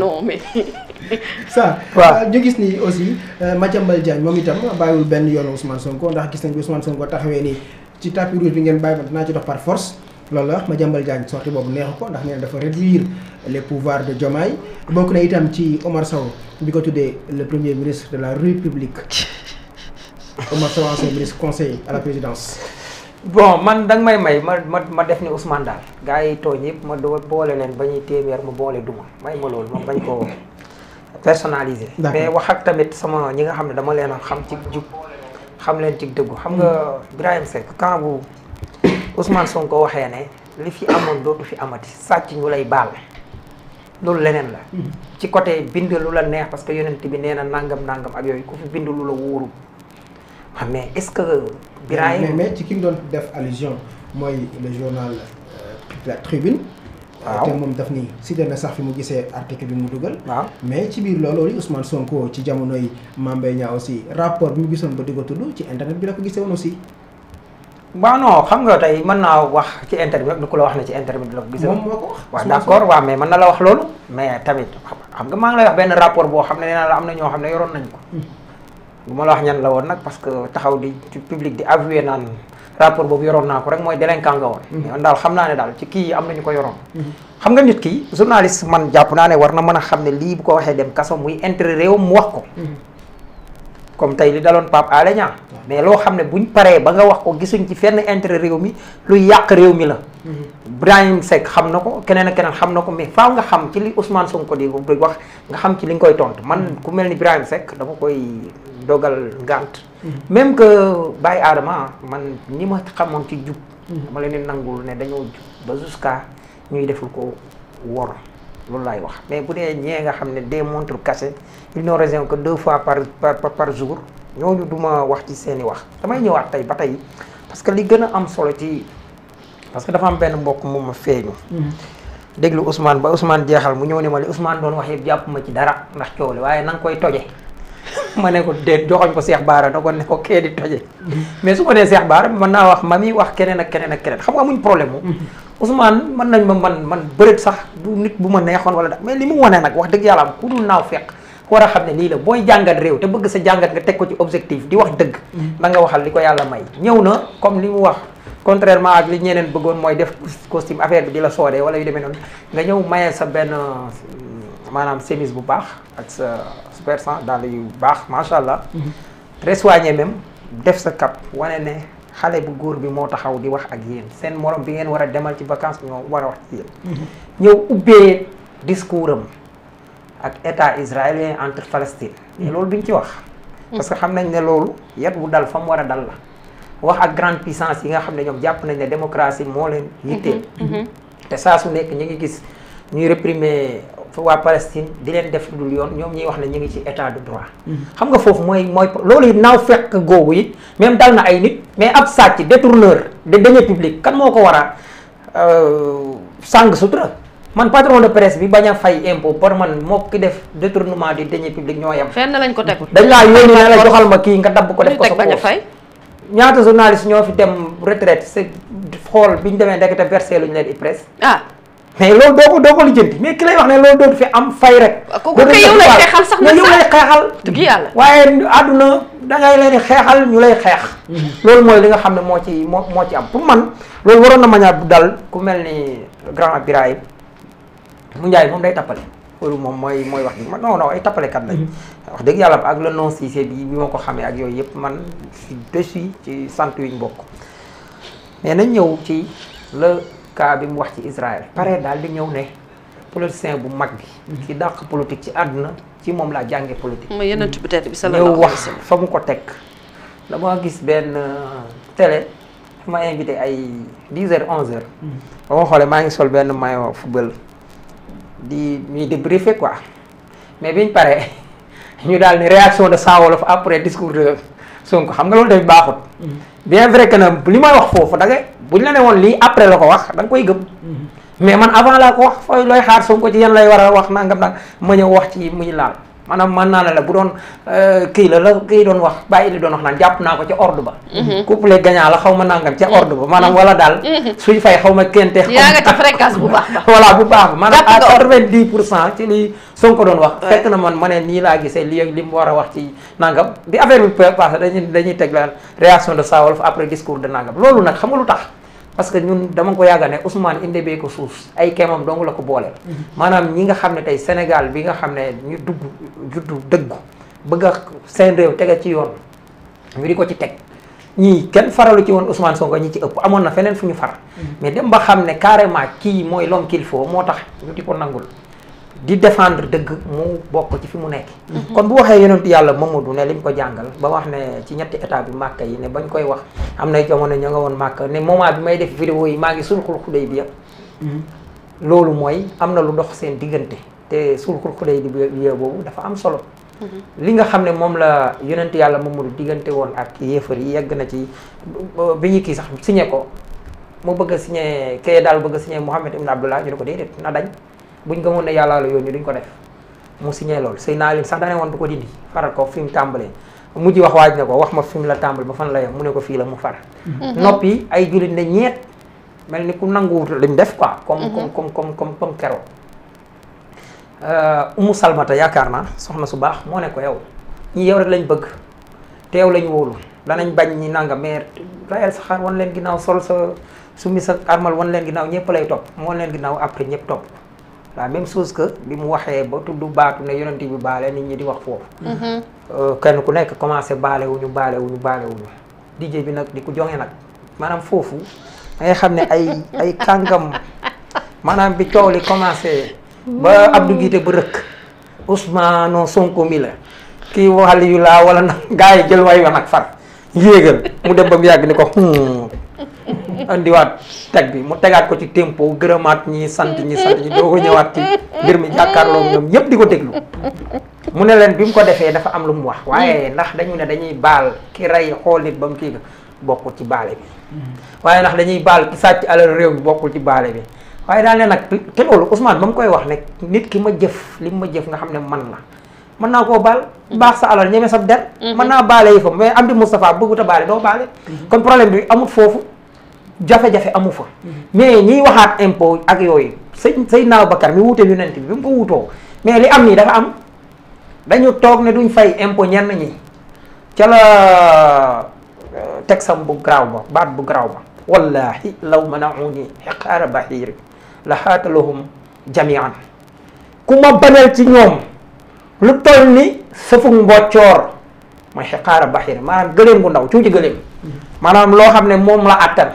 non mais. ça waaw euh, ñu gis ni aussi euh, Madiambal Diagne moom itam bàyyiwul benn yoon Ousmane Sonko ndax gis nañ Ousmane Sonko taxawee nii ci tapis rouge bi ngeen bàyyi ma dinaa ci dox par force. loolu la Madiambal Diagne sorti boobu neexu ko ndax nee na dafa réduire le pouvoirs de Diomaye bokk na itam ci Omar Sow bi ko tuddee le premier ministre de la République Omar Sow ancien ministre conseiller à la présidence. bon man danga may may ma ma ma def ni Ousmane daal gars yi tooñ yëpp ma do boole leen ba ñuy téeméer ma boole duma may ma loolu ma bañ ko personnalisé mais wax ak tamit sama ñi nga xam ne dama leen xam ci jub xam leen ci dëggu xam nga Birahim Seck quand bu Ousmane ko waxee ne li fi amoon dootu fi amati sàcc ñu lay baal loolu leneen la mhm. ci côté bind lu la neex parce que yonent bi nee na nangam nangam ak yooyu ku fi bind lu la wóoru ah mais est-ce que. Birahim mais mais ci ki mu doon def allusion mooy le journal euh, La Tribune. waaw te moom daf ni si dana sax fi mu gisee article bi mu dugal. waaw mais ci biir loolu Ousmane Sonko ci jamonoy Mame Mbaye Niang aussi rapport bi mu gisoon ba di ko ci internet bi la ko gisee woon aussi. waaw xam nga tey mën naa wax ci internet bi rek ko la wax ne ci internet bi la ko gisee. moom wax waaw d'accord waa mais mën na la wax loolu. mais tamit xam nga maa ngi benn rapport boo xam ne nee naa la am na ñoo xam ne yoroon nañ ko. Hmm. bu ma la wax ñan la woon nag parce que taxaw di ci public di avoué naan rapport boobu yoroon naa ko rek mooy délinquant nga woon. Mhm. mais daal xam naa ne daal ci kii yi am nañu ko yoroon. Mhm. xam nga nit ki journaliste man jàpp naa ne war na mën a xam ne lii bu ko waxee dem kaso muy intérêt réew mu wax ko. Mhm. comme tey li daloon Pape Alé Niang mais loo xam ne buñ paree ba nga wax ko gisuñ ci fenn intérêt réew mi lu yàq réew mi la. Ibrahim Seck xam na ko keneen ak xam na ko mais faaw nga xam ci li Ousmane Sonko di wax nga ci li koy tontu man ku mel ni Ibrahim Seck dama koy. dogal ngànt mm-hmm. même que Baye Adama man ñi ma xamoon ci jub mm-hmm. dama leen nangul ne dañoo jub ba jusqu'à ñuy deful ko wor loolu laay wax mais bu dee ñee nga xam ne des montres cassées ils n'ont raison que deux fois par par par jour ñooñu duma wax ci seeni wax damay ñëwaat tey ba tey parce que li gën a am solo ci parce que dafa am benn mbokk moom ma feeñu mm-hmm. déglu Ousmane ba Ousmane jeexal mu ñëw ne ma li Ousmane doon wax jàpp ma ci dara ndax coow li waaye na koy toje ma ne ko déet joxoñ ko Cheikh Baara na ko ne ko kee di toje mais su ma nee Cheikh Baara mën naa wax mami wax keneen ak keneen ak keneen xam nga amuñ problème moom mhm. Ousmane mën nañ ma man man bëreet sax bu nit bu ma neexoon wala da mais li mu wane nag wax dëgg yàlla am ku dul naaw fekk war a xam ne lii la booy jàngat réew te bëgg sa jàngat nga teg ko ci objectif di wax dëgg da mhm. nga waxal li ko yàlla may ñëw na comme li mu wax contrairement ak li ñeneen bëggoon mooy def costume affaire bi di la soodee wala yu demee noonu nga ñëw maye sa benn maanaam chemise bu baax ak sa super sang daal yu baax macha allah. Mhm. très soigné même def sa cap wane ne xale bu góor bi moo taxaw di wax ak yéen seen morom bi ngeen war a demal ci vacances ñoo war a wax ci yéen. Mhm. ñëw ubbee discours am ak état israélien entre Palestine. mais mhm. loolu duñ ci wax. parce que xam nañ ne loolu yet wu dal fa mu war a dal la. wax ak grande puissance yi nga xam ne ñoom jàpp nañ ne démocratie moo leen yitteel. te saa su nekk ñu ngi gis ñuy réprimer waa Palestine di leen def lu yoon ñoom ñuy wax ne ñu ngi ci état de droit. Mm-hmm. xam nga foofu mooy mooy loolu it naaw fekk googu it même dal na ay nit mais ab sàcc détourneur de deniers publics kan moo ko war a euh, sàng sutura man patron de presse bi bañ a fay impôt par man moo ki def détournement de deniers publics ñoo yem. na lañ ko teg dañ laa yónni ne la joxal ma kii nga dabb ko def ko sa a fay ñaata journaliste ñoo fi dem retraite c'est xool bi ñu demee ndekete versé lu ñu leen di mais loolu doo ko doo ko lijjanti mais ki lay wax ne loolu dootu fi am fay rek. kooku kay yow lay xeexal sax na yow lay xeexal. dëgg yàlla waaye àdduna dangay leen di xeexal ñu lay xeex. Mhm. loolu mooy li nga xam ne moo ci moo moo ci am pour man loolu waroon na mañaat bu dal ku mel ni grand Birahim mu Ndiaye moom day tappale loolu moom mooy mooy wax bi non non ay tappalekat lañ. Mhm. wax dëgg yàlla ak la non Cissé bi bi ma ko xamee ak yooyu yëpp man je suis ci sant yuñ bokk mais nañ ñëw ci le. cas bi mu wax ci Israël pare daal di ñëw ne politicien bu mag bi mm-hmm. ki dàq politique ci àdduna ci moom laa jànge politique mm-hmm. ñëw wax fa mu ko teg dama gis benn euh, télé ma invité ay dix heures onze heures mm-hmm. ba ma xoolee maa ngi sol benn maillot football di ñuy débriefé quoi mais biñ pare ñu daal ni réaction de Sa Wolof après discours de Sonko xam nga loolu tamit baaxut bien vrai que li may wax foofu da ngay bu ñu la ne woon lii après la ko wax danga koy gëm mm-hmm. mais man avant laa ko wax fooy looy xaar ko ci yan lay war a wax nangam nag ma ñëw wax ci muy laal maanaam mën naa la la bu doon euh, kii la la kii doon wax bàyyi li doon wax naan jàpp naa ko ca ordre ba. Mm-hmm. couple gagnant la xaw ma nangam ca ordre ba. maanaam wala daal. Mm-hmm. suy fay xaw ma kente. yaa nga ci bu baax ba. voilà bu baax pour cent ci li Sonko doon wax. fekk ma ne nii laa gisee li li mu war a wax ci nangam bi affaire bi passé dañuy dañuy teg la réaction de Sa Wolof après discours de nangam loolu nag xam nga lu tax. parce que ñun dama ko yàgga ne Ousmane inde bee ko suuf ay keemam dong la ko boole maanaam ñi nga xam ne tey Sénégal bi nga xam ne ñu dugg juddu dëggu bëgg a seen réew tege ci yoon ñu di ko ci teg ñii kenn faralu ci woon Ousmane Sonko ñi ci ëpp amoon na feneen fu ñu far mm-hmm. mais dem ba xam ne carrément kii mooy lonkil qu'il moo tax ñu di ko nangul di defendre dëgg mu bokk ci fi mu nekk mhm. kon bu waxee yonentu yàlla du ne liñ ko jàngal ba wax ne ci ñetti état bi màkk yi ne bañ koy wax am na jamono ña nga woon màkk ne moment bi def vidéo yi maa ngi sulxul xudday bi yëpp mhm. loolu mooy am na lu dox seen diggante te sulxul xudday boobu dafa am solo mhm. li nga xam ne moom la yonent yàlla Mamadou diggante woon ak yéefar yi yegg na ci bi ñu kii sax signé ko mu bëgg a signé kay daal bëgg a signé Mouhamed Ibn Abdullah ñu ne ko déedéet na dañ bu buñ gëmoon ne yàllaa la yi duñ ko def mu signé loolu sëy naa leen sax dane woon du ko dindi faral ko fi mu tàmbalee mujj wax waaj na ko wax ma fi mu la tàmbal ba fan la yem mu ne ko fii la mu far mhm. noppi ay jullit ne ñeet mel ni ku nanguwut lim def quoi comme mhm. comme comme comme comme comme keroog euh, umu salmata yaakaar naa soxna su baax moo ne ko yow ñi yow rek lañ bëgg te yow lañ wóolu danañ bañ ñi nanga mais rayal sa xar wan leen ginnaaw sol sa summi sa armal wan leen ginnaaw ñëpp lay topp wan leen ginnaaw après ñëpp topp la même chose que bi mu waxee ba tudd baatu ne yonent bi baale nit ñi di wax foofu. Mm-hmm. Euh, kenn ku nekk commencé baale wu ñu baale wu ñu baale wu ñu DJ bi nag di ko joŋe nag maanaam foofu da xam ne ay ay kàngam maanaam bi coow li commencé. ba Abdou Guité ba rëkk Ousmane Sonko mi la ki waxal yu laa wala nag gars yi jël way wa ak far yéegal mu dem ba mu yàgg ni ko. Hmm. andiwaat teg bi mu tegaat ko ci tempo gërëmaat ñi sant ñi sant ñi doo ko ñëwaat ci mbir mi jàkkaarloo ñoom ñëpp di ko déglu mu ne leen bi mu ko defee dafa am lu mu wax waaye ndax dañu ne dañuy baal ki rey xool nit ba mu kii bokkul ci baale bi waaye ndax dañuy baal ki sàcc alal réew mi bokkul ci baale bi waaye daal ne nag te loolu Ousmane ba mu koy wax ne nit ki ma jëf li ma jëf nga xam ne man la mën naa koo baal baax sa alal ñeme sa der mhm. mën naa baale yi fa mais Amdi Moustapha bëggut a baale doo baale mhm. kon problème jafe-jafe amu fa. Mhm. mais ñiy waxaat impôt ak yooyu say say naa Bakar mi wuute yonent bi bi mu ko wuutoo mais li am nii dafa am dañu toog ne duñ fay impôt ñenn ñi ca la euh, teg sam bu garaaw ba baat bu garaaw ba. wallahi law mana'uni hiqaara bahiiri la xaatalahum jamian ku ma banal ci ñoom lu toll ni sëfu mboccoor mooy xiqaara baxiir maanaam gëléem gu ndaw ci gëléem mhm. maanaam loo xam ne moom la attan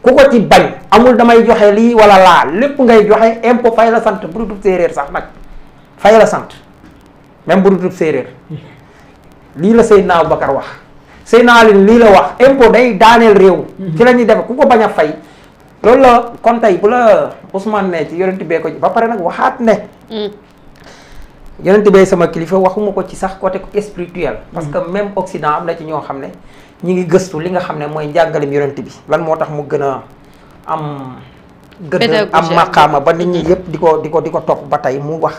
ku ko ci bañ amul damay joxe lii walla laa lépp ngay joxe impôt fay la sant bu dutub séeréer sax nag fay la sant même bu dutub séeréer lii la Seydina Aboubacar wax Seydina Ali lii la wax impôt day daaneel réew ci la ñuy def ku ko bañ a fay loolu la kon tey bu la Ousmane ne ci yonent bee ko ba pare nag waxaat ne mm. yonent bay sama kilifa waxuma ko ci sax côté spirituel. parce que mm-hmm. même Occident am na ci ñoo xam ne ñu ngi gëstu li nga xam ne mooy njàngalem yonent bi lan moo tax mu gën a am. gën a am maqaama ba nit ñi yëpp di ko di ko di ko topp ba tey mu wax.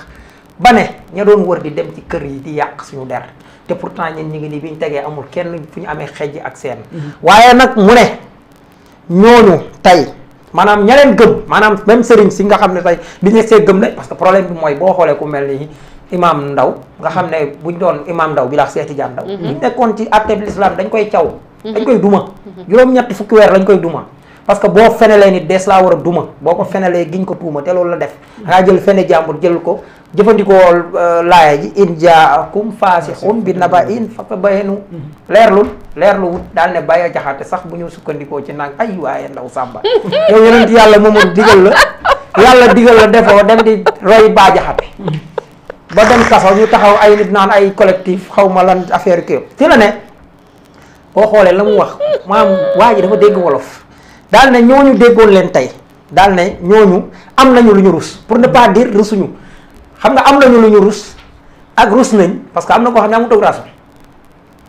ba ne ña doon wër di dem ci kër yi di yàq suñu der te pourtant ñun ñu ngi nii bi ñu tegee amul kenn fu ñu amee xejj ak seen. Mm-hmm. waaye nag mu ne ñooñu tey. maanaam ña leen gëm maanaam même sëriñ si nga xam ne tey bi ñu see gëm la parce que boo xoolee ku mel ni imaam ndaw nga xam ne buñ doon imaam ndaw bi laax Seex Tijaan ndaw mhm. buñ nekkoon ci atteb l'islam dañ koy caw mhm. dañ koy duma mhm. juróom-ñetti fukki weer lañ koy duma parce que boo fenelee nit dees laa war a duma boo ko fenelee giñ ko tuuma te loolu la def dangaa jël fene jàmbur jël ko jëfandikoo euh, laaya ji in jaakum faasixun bi naba in ba leerlul leerlu wut daal ne bàyyi jaxaate sax bu ñu sukkandikoo ci nag ay waaye ndaw sàmba yow yonent yàlla moomu digal la yàlla digal ba dem kaso ñu taxaw ay nit naan ay collectif xaw ma lan affaire kii ci la ne boo xoolee la mu wax maam waa ji dafa dégg wolof daal ne ñoo ñu déggoon leen tey daal ne ñooñu am nañu lu ñu rus pour ne pas dire rusuñu xam nga am nañu lu ñu rus ak rus nañ parce que am na ko xam ne amut ras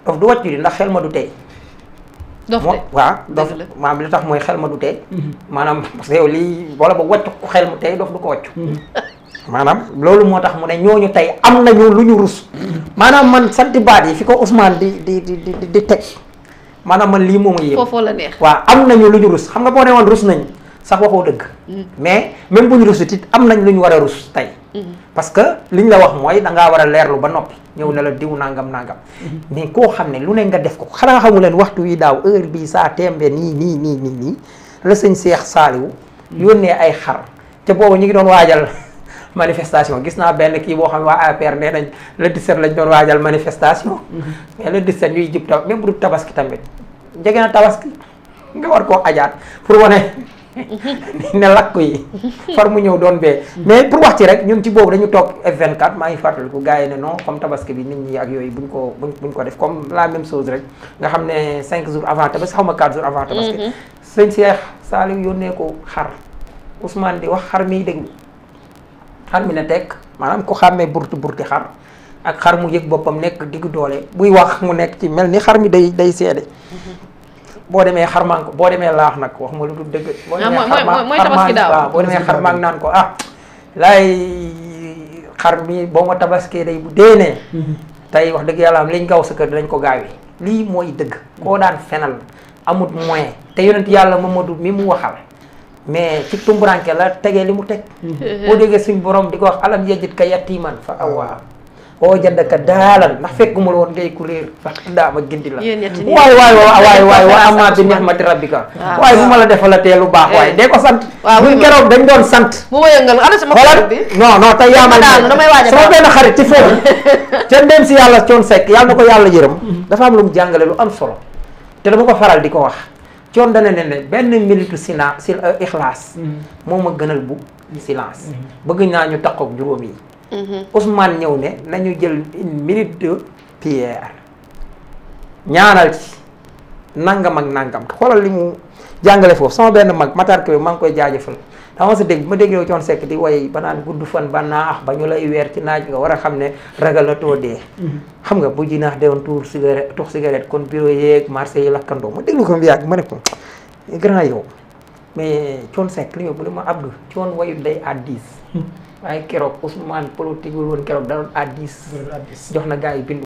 dof du wàcc di ndax xel ma du tey. waa waaw dof maam li tax mooy xel ma du tey. Mhm. maanaam parce yow lii wala ba wàcc ko xel mu tey dof du ko wàcc. Mhm. maanaam loolu moo tax mu ne ñu tey am na nañu lu ñu rus maanaam man santi baat yi fi ko Ousmane di di di di di teg maanaam man lii moom yëpp foofoo la neex waaw am nañu lu ñu rus xam nga boo ne woon rus nañ sax waxoo dëgg mm. mais même bu ñu am nañ lu ñu war a rus tey mm-hmm. parce que li ñu la wax mooy dangaa war a leerlu ba noppi ñëw ne la diw nangam nangam mm-hmm. mais koo xam ne lu ne nga def ko xanaa xamu leen waxtu wi daaw heure bii saa tembe nii nii nii nii nii la sëñ Seex Saaliwu mm-hmm. yónnee ay xar te boobu ñu ngi doon waajal manifestation gis naa benn kii boo xam ne waa APR nee nañ le 17 lañ doon waajal manifestation. Mhm. mais le 17 ñuy jub tam même bu dul tabaski tamit jege na tabaski nga war koo ajaat pour wane. ne lakk yi far mu ñëw doon bee mhm. mais pour wax ci rek ñun ci boobu dañu toog F24 maa ngi fàttaliku gars yi ne non comme tabaski bi nit ñi ak yooyu buñ ko buñ ko def comme la même chose rek nga xam ne cinq jours avant tabaski sax ma 4 jours avant tabaski mhm. sëñ yónnee ko xar Ousmane di wax xar miy dégg xar mi na tek maanaam ku xàmmee burtu burti xar ak xar mu yëg boppam nekk diggu doole buy wax mu nekk ci mel ni xar mi day day seede boo demee xarmaang ko boo demee laax nag wax ma lu dul dëgg boo demee ah, xarmaang naan ko ah laay xar mi boo ma tabaskee day bu déenee tey wax dëgg yàlla am liñ gaw sa kër dañ ko gaawi lii mooy dëgg koo daan fenal amut moyen te yonent yàlla Mamadu mi mu waxal mais ci tumburanke la tegee li mu teg mm-hmm. boo déggee suñ borom di ko wax alam yajid ka yatiman fa awaa oo jënd ka daalal ndax fekkuma la woon ngay ku réer ndax daama gindi la waay waay waay waay wa amma bi nihmati rabbika waaye bu ma la defalatee lu baax waaye eh. dee ko sant buñ keroog dañ doon sant bu ma yëngal ana sama xol bi non non tey yaamal sama benn xarit ci foofu ca dem si yàlla coon sekk yàlla na ko yàlla yërëm mm-hmm. dafa am lu mu jàngale lu am solo te dama ko faral di ko wax coon dana leen benn minute silence si euh, ixlaas mm-hmm. moom a gënal bu silence mm-hmm. bëgg naa ñu takkook juróom yi mm-hmm. Ousmane ñëw ne nañu jël une minute de prière ñaanal ci nangam ak nangam xoolal li mu jàngale foofu sama benn mag Matar Kébé maa ngi koy jaajëfal dama sa dégg bu ma déggee wu Thione Seck di way ba gudd fan ba naax ba ñu lay weer ci naaj nga war a xam ne ragal na too dee. Mhm. xam nga bu jinaax de woon tuur cigarette tux cigarette kon bureau yeeg marché yi lakkandoo ma déglu ko mu yàgg ma ne ko grand yow mais Thione Seck li yow bu ne ma Abdou Thione wayut day à mhm. waaye keroog Ousmane politique wul keroog da doon à 10. jox na gars yi bindu.